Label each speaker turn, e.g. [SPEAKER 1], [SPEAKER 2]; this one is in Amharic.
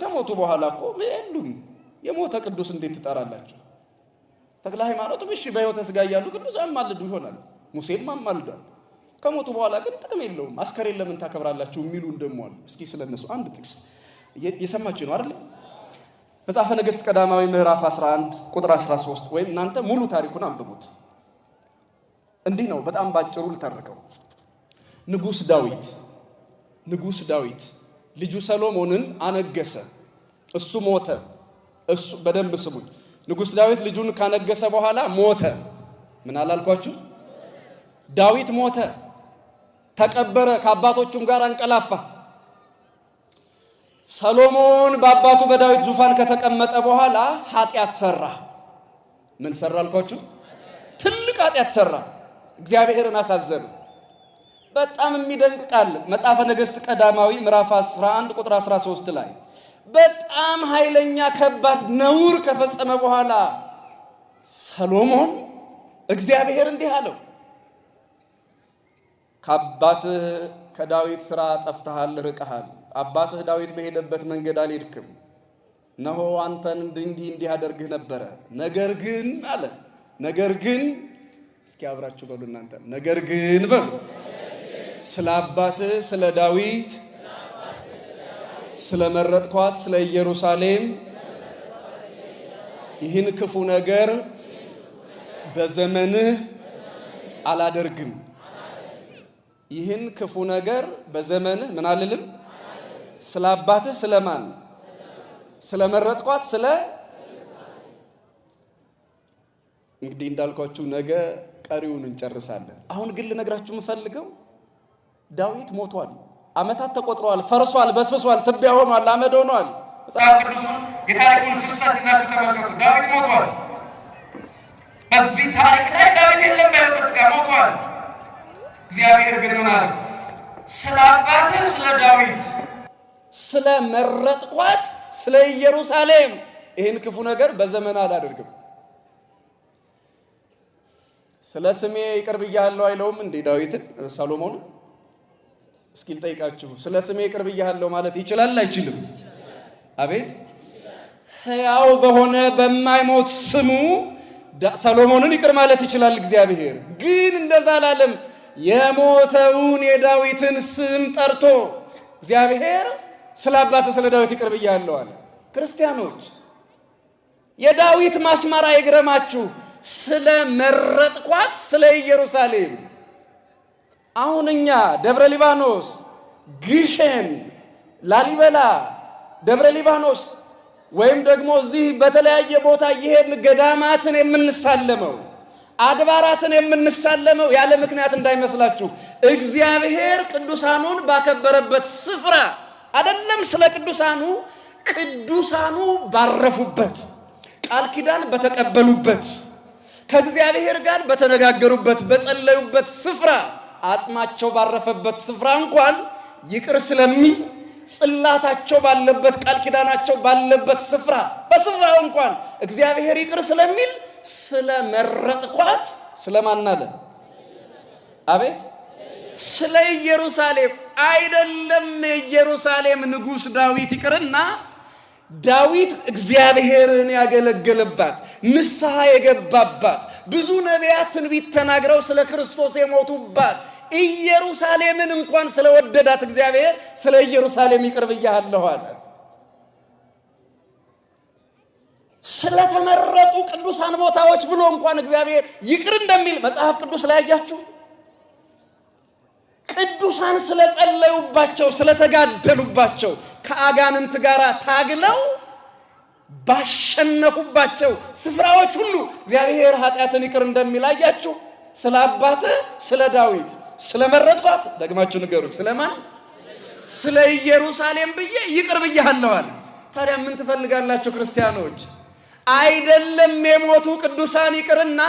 [SPEAKER 1] ከሞቱ በኋላ እኮ የሉም። የሞተ ቅዱስ እንዴት ትጠራላችሁ? ተክለ ሃይማኖትም እሺ በሕይወተ ሥጋ እያሉ ቅዱስ አማልዱ ይሆናል፣ ሙሴም አማልዷል። ከሞቱ በኋላ ግን ጥቅም የለውም። አስከሬን ለምን ታከብራላችሁ የሚሉ እንደሟሉ። እስኪ ስለነሱ አንድ ጥቅስ የሰማችሁ ነው አይደል? መጽሐፈ ነገሥት ቀዳማዊ ምዕራፍ 11 ቁጥር 13 ወይም እናንተ ሙሉ ታሪኩን አንብቡት። እንዲህ ነው፣ በጣም ባጭሩ ልተርከው። ንጉስ ዳዊት ንጉስ ዳዊት ልጁ ሰሎሞንን አነገሰ። እሱ ሞተ። እሱ በደንብ ስሙኝ። ንጉሥ ዳዊት ልጁን ካነገሰ በኋላ ሞተ። ምን አላልኳችሁ? ዳዊት ሞተ፣ ተቀበረ፣ ከአባቶቹም ጋር አንቀላፋ። ሰሎሞን በአባቱ በዳዊት ዙፋን ከተቀመጠ በኋላ ኃጢአት ሰራ። ምን ሰራ አልኳችሁ? ትልቅ ኃጢአት ሰራ። እግዚአብሔርን አሳዘኑ። በጣም የሚደንቅ ቃል መጽሐፈ ነገሥት ቀዳማዊ ምዕራፍ 11 ቁጥር 13 ላይ በጣም ኃይለኛ ከባድ ነውር ከፈጸመ በኋላ ሰሎሞን እግዚአብሔር እንዲህ አለው፣ ከአባትህ ከዳዊት ሥራ ጠፍተሃል፣ ርቀሃል። አባትህ ዳዊት በሄደበት መንገድ አልሄድክም። እነሆ አንተን እንዲህ እንዲህ አደርግህ ነበረ። ነገር ግን አለ ነገር ግን እስኪ አብራችሁ በሉ እናንተ ነገር ግን በሉ ስለ አባትህ ስለ ዳዊት ስለ መረጥኳት ስለ ኢየሩሳሌም ይህን ክፉ ነገር በዘመንህ አላደርግም። ይህን ክፉ ነገር በዘመንህ ምን አልልም። ስለ አባትህ ስለማን ስለ መረጥኳት ስለ እንግዲህ እንዳልኳችሁ ነገ ቀሪውን እንጨርሳለን። አሁን ግን ልነግራችሁ የምፈልገው ዳዊት ሞቷል። ዓመታት ተቆጥረዋል። ፈርሷል፣ በስብሷል፣ ትቢያ ሆኗል፣ አመድ ሆኗል።
[SPEAKER 2] መጽሐፍ ቅዱሱን የታሪኩን ፍሰት ተመልከቱ። ዳዊት ሞቷል። በዚህ ታሪክ ላይ ዳዊት የለም፣ ሞቷል። እግዚአብሔር ግን ምን አለ? ስለ አባትህ ስለ ዳዊት
[SPEAKER 1] ስለ መረጥኳት ስለ ኢየሩሳሌም ይህን ክፉ ነገር በዘመን አላደርግም። ስለ ስሜ ይቅር ብያለሁ አይለውም እንዴ ዳዊትን ሰሎሞንን እስኪ ልጠይቃችሁ፣ ስለ ስሜ ቅርብ እያለሁ ማለት ይችላል አይችልም? አቤት ሕያው በሆነ በማይሞት ስሙ ሰሎሞንን ይቅር ማለት ይችላል እግዚአብሔር። ግን እንደዛ አላለም። የሞተውን የዳዊትን ስም ጠርቶ እግዚአብሔር ስለ አባተ ስለ ዳዊት ይቅር ብያለሁ አለ። ክርስቲያኖች የዳዊት ማስመራ አይግረማችሁ ስለ መረጥኳት ስለ ኢየሩሳሌም አሁን እኛ ደብረ ሊባኖስ፣ ግሸን፣ ላሊበላ፣ ደብረ ሊባኖስ ወይም ደግሞ እዚህ በተለያየ ቦታ እየሄድን ገዳማትን የምንሳለመው አድባራትን የምንሳለመው ያለ ምክንያት እንዳይመስላችሁ እግዚአብሔር ቅዱሳኑን ባከበረበት ስፍራ አይደለም። ስለ ቅዱሳኑ ቅዱሳኑ ባረፉበት ቃል ኪዳን በተቀበሉበት ከእግዚአብሔር ጋር በተነጋገሩበት በጸለዩበት ስፍራ አጽማቸው ባረፈበት ስፍራ እንኳን ይቅር ስለሚል ጽላታቸው ባለበት ቃል ኪዳናቸው ባለበት ስፍራ በስፍራው እንኳን እግዚአብሔር ይቅር ስለሚል ስለመረጥኳት ስለማናለ አቤት ስለ ኢየሩሳሌም አይደለም የኢየሩሳሌም ንጉሥ ዳዊት ይቅርና ዳዊት እግዚአብሔርን ያገለገለባት ንስሐ የገባባት ብዙ ነቢያት ትንቢት ተናግረው ስለ ክርስቶስ የሞቱባት ኢየሩሳሌምን እንኳን ስለወደዳት እግዚአብሔር ስለ ኢየሩሳሌም ይቅር ብያለሁ አለ። ስለተመረጡ ቅዱሳን ቦታዎች ብሎ እንኳን እግዚአብሔር ይቅር እንደሚል መጽሐፍ ቅዱስ ላይ አያችሁ። ቅዱሳን ስለጸለዩባቸው፣ ስለተጋደሉባቸው ከአጋንንት ጋር ታግለው ባሸነፉባቸው ስፍራዎች ሁሉ እግዚአብሔር ኃጢአትን ይቅር እንደሚላያችሁ ስለ አባት ስለ ዳዊት ስለ መረጥኳት ደግማችሁ ንገሩኝ። ስለማን? ስለ ኢየሩሳሌም ብዬ ይቅር ብያለሁ ታዲያ ምን ትፈልጋላችሁ ክርስቲያኖች? አይደለም የሞቱ ቅዱሳን ይቅርና